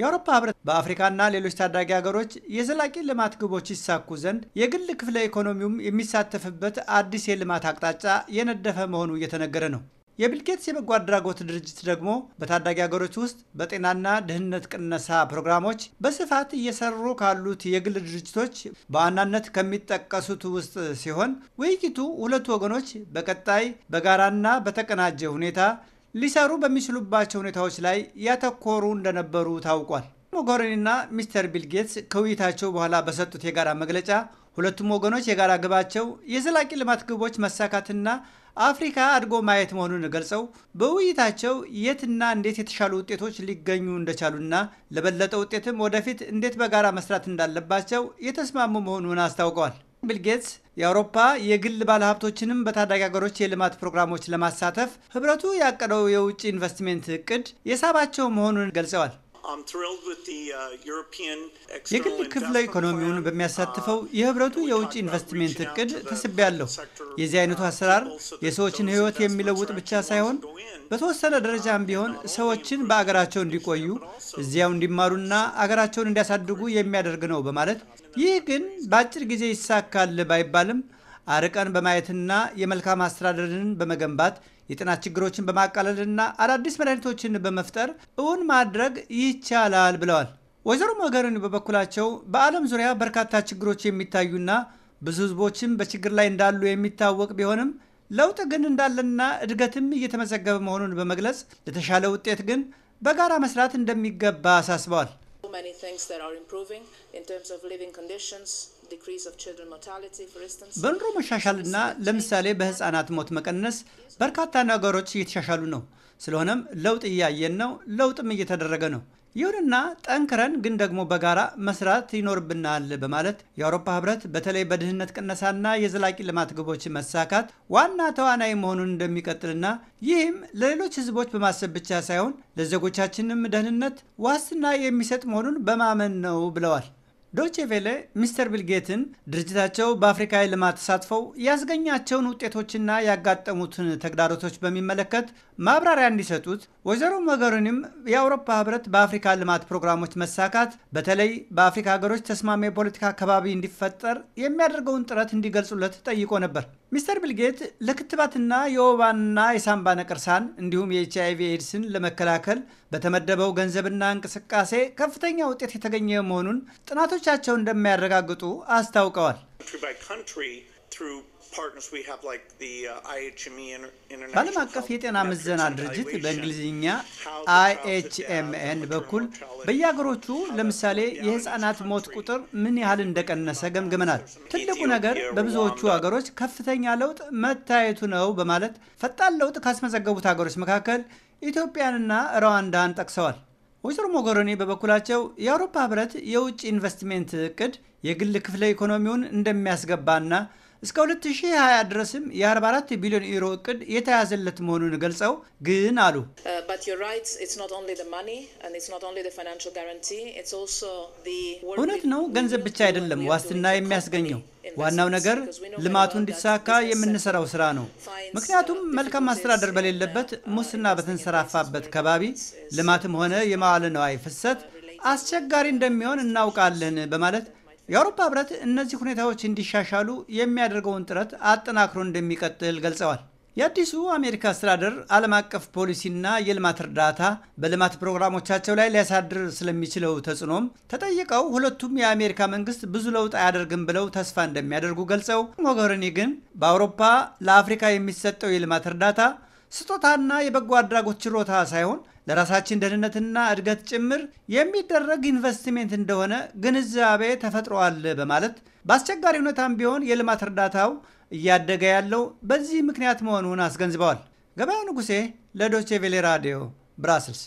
የአውሮፓ ህብረት በአፍሪካና ሌሎች ታዳጊ ሀገሮች የዘላቂ ልማት ግቦች ይሳኩ ዘንድ የግል ክፍለ ኢኮኖሚውም የሚሳተፍበት አዲስ የልማት አቅጣጫ የነደፈ መሆኑ እየተነገረ ነው። የቢልጌትስ የበጎ አድራጎት ድርጅት ደግሞ በታዳጊ ሀገሮች ውስጥ በጤናና ድህነት ቅነሳ ፕሮግራሞች በስፋት እየሰሩ ካሉት የግል ድርጅቶች በዋናነት ከሚጠቀሱት ውስጥ ሲሆን ውይይቱ ሁለቱ ወገኖች በቀጣይ በጋራና በተቀናጀ ሁኔታ ሊሰሩ በሚችሉባቸው ሁኔታዎች ላይ ያተኮሩ እንደነበሩ ታውቋል። ሞጎሪኒና ሚስተር ቢል ጌትስ ከውይይታቸው በኋላ በሰጡት የጋራ መግለጫ ሁለቱም ወገኖች የጋራ ግባቸው የዘላቂ ልማት ግቦች መሳካትና አፍሪካ አድጎ ማየት መሆኑን ገልጸው በውይይታቸው የትና እንዴት የተሻሉ ውጤቶች ሊገኙ እንደቻሉና ለበለጠ ውጤትም ወደፊት እንዴት በጋራ መስራት እንዳለባቸው የተስማሙ መሆኑን አስታውቀዋል። ቢልጌትስ የአውሮፓ የግል ባለሀብቶችንም በታዳጊ ሀገሮች የልማት ፕሮግራሞች ለማሳተፍ ህብረቱ ያቀደው የውጭ ኢንቨስትሜንት እቅድ የሳባቸው መሆኑን ገልጸዋል። Uh, የግል ክፍለ ኢኮኖሚውን በሚያሳትፈው የህብረቱ የውጭ ኢንቨስትሜንት እቅድ ተስቤያለሁ። የዚህ አይነቱ አሰራር የሰዎችን ህይወት የሚለውጥ ብቻ ሳይሆን በተወሰነ ደረጃም ቢሆን ሰዎችን በአገራቸው እንዲቆዩ እዚያው እንዲማሩና አገራቸውን እንዲያሳድጉ የሚያደርግ ነው በማለት ይህ ግን በአጭር ጊዜ ይሳካል ባይባልም አርቀን በማየትና የመልካም አስተዳደርን በመገንባት የጤና ችግሮችን በማቃለልና አዳዲስ መድኃኒቶችን በመፍጠር እውን ማድረግ ይቻላል ብለዋል። ወይዘሮ ሞገሪኒ በበኩላቸው በዓለም ዙሪያ በርካታ ችግሮች የሚታዩና ብዙ ህዝቦችም በችግር ላይ እንዳሉ የሚታወቅ ቢሆንም ለውጥ ግን እንዳለና እድገትም እየተመዘገበ መሆኑን በመግለጽ ለተሻለ ውጤት ግን በጋራ መስራት እንደሚገባ አሳስበዋል። በኑሮ መሻሻልና ለምሳሌ በህፃናት ሞት መቀነስ በርካታ ነገሮች እየተሻሻሉ ነው። ስለሆነም ለውጥ እያየን ነው፣ ለውጥም እየተደረገ ነው። ይሁንና ጠንክረን ግን ደግሞ በጋራ መስራት ይኖርብናል በማለት የአውሮፓ ህብረት በተለይ በድህነት ቅነሳና የዘላቂ ልማት ግቦች መሳካት ዋና ተዋናይ መሆኑን እንደሚቀጥልና ይህም ለሌሎች ህዝቦች በማሰብ ብቻ ሳይሆን ለዜጎቻችንም ደህንነት ዋስትና የሚሰጥ መሆኑን በማመን ነው ብለዋል። ዶቼ ቬለ ሚስተር ቢልጌትን ድርጅታቸው በአፍሪካ ልማት ተሳትፈው ያስገኛቸውን ውጤቶችና ያጋጠሙትን ተግዳሮቶች በሚመለከት ማብራሪያ እንዲሰጡት፣ ወይዘሮ ሞገሪኒም የአውሮፓ ህብረት በአፍሪካ ልማት ፕሮግራሞች መሳካት በተለይ በአፍሪካ ሀገሮች ተስማሚ የፖለቲካ አካባቢ እንዲፈጠር የሚያደርገውን ጥረት እንዲገልጹለት ጠይቆ ነበር። ሚስተር ቢልጌት ለክትባትና የወባና የሳምባ ነቀርሳን እንዲሁም የኤች አይቪ ኤድስን ለመከላከል በተመደበው ገንዘብና እንቅስቃሴ ከፍተኛ ውጤት የተገኘ መሆኑን ጥናቶቻቸው እንደሚያረጋግጡ አስታውቀዋል። Uh, e በዓለም አቀፍ የጤና ምዘና ድርጅት በእንግሊዝኛ አይኤችኤምኤን e በኩል በየአገሮቹ ለምሳሌ የህፃናት ሞት ቁጥር ምን ያህል እንደቀነሰ ገምግመናል። ትልቁ ነገር በብዙዎቹ አገሮች ከፍተኛ ለውጥ መታየቱ ነው በማለት ፈጣን ለውጥ ካስመዘገቡት ሀገሮች መካከል ኢትዮጵያንና ሩዋንዳን ጠቅሰዋል። ወይዘሮ ሞጎሮኒ በበኩላቸው የአውሮፓ ህብረት የውጭ ኢንቨስትሜንት እቅድ የግል ክፍለ ኢኮኖሚውን እንደሚያስገባና እስከ 2020 ድረስም የ44 ቢሊዮን ዩሮ እቅድ የተያዘለት መሆኑን ገልጸው ግን አሉ uh, እውነት ነው፣ ገንዘብ ብቻ አይደለም ዋስትና የሚያስገኘው ዋናው ነገር ልማቱ እንዲሳካ የምንሰራው ስራ ነው። uh, ምክንያቱም መልካም አስተዳደር uh, በሌለበት ሙስና በተንሰራፋበት ከባቢ ልማትም ሆነ የመዋለ ነዋይ ፍሰት አስቸጋሪ እንደሚሆን እናውቃለን በማለት የአውሮፓ ህብረት እነዚህ ሁኔታዎች እንዲሻሻሉ የሚያደርገውን ጥረት አጠናክሮ እንደሚቀጥል ገልጸዋል። የአዲሱ አሜሪካ አስተዳደር ዓለም አቀፍ ፖሊሲና የልማት እርዳታ በልማት ፕሮግራሞቻቸው ላይ ሊያሳድር ስለሚችለው ተጽዕኖም ተጠይቀው ሁለቱም የአሜሪካ መንግስት ብዙ ለውጥ አያደርግም ብለው ተስፋ እንደሚያደርጉ ገልጸው ሞገሪኒ ግን በአውሮፓ ለአፍሪካ የሚሰጠው የልማት እርዳታ ስጦታና የበጎ አድራጎት ችሮታ ሳይሆን ለራሳችን ደህንነትና እድገት ጭምር የሚደረግ ኢንቨስትሜንት እንደሆነ ግንዛቤ ተፈጥሯል በማለት በአስቸጋሪ ሁኔታም ቢሆን የልማት እርዳታው እያደገ ያለው በዚህ ምክንያት መሆኑን አስገንዝበዋል። ገበያው ንጉሴ ለዶቼ ቬሌ ራዲዮ ብራስልስ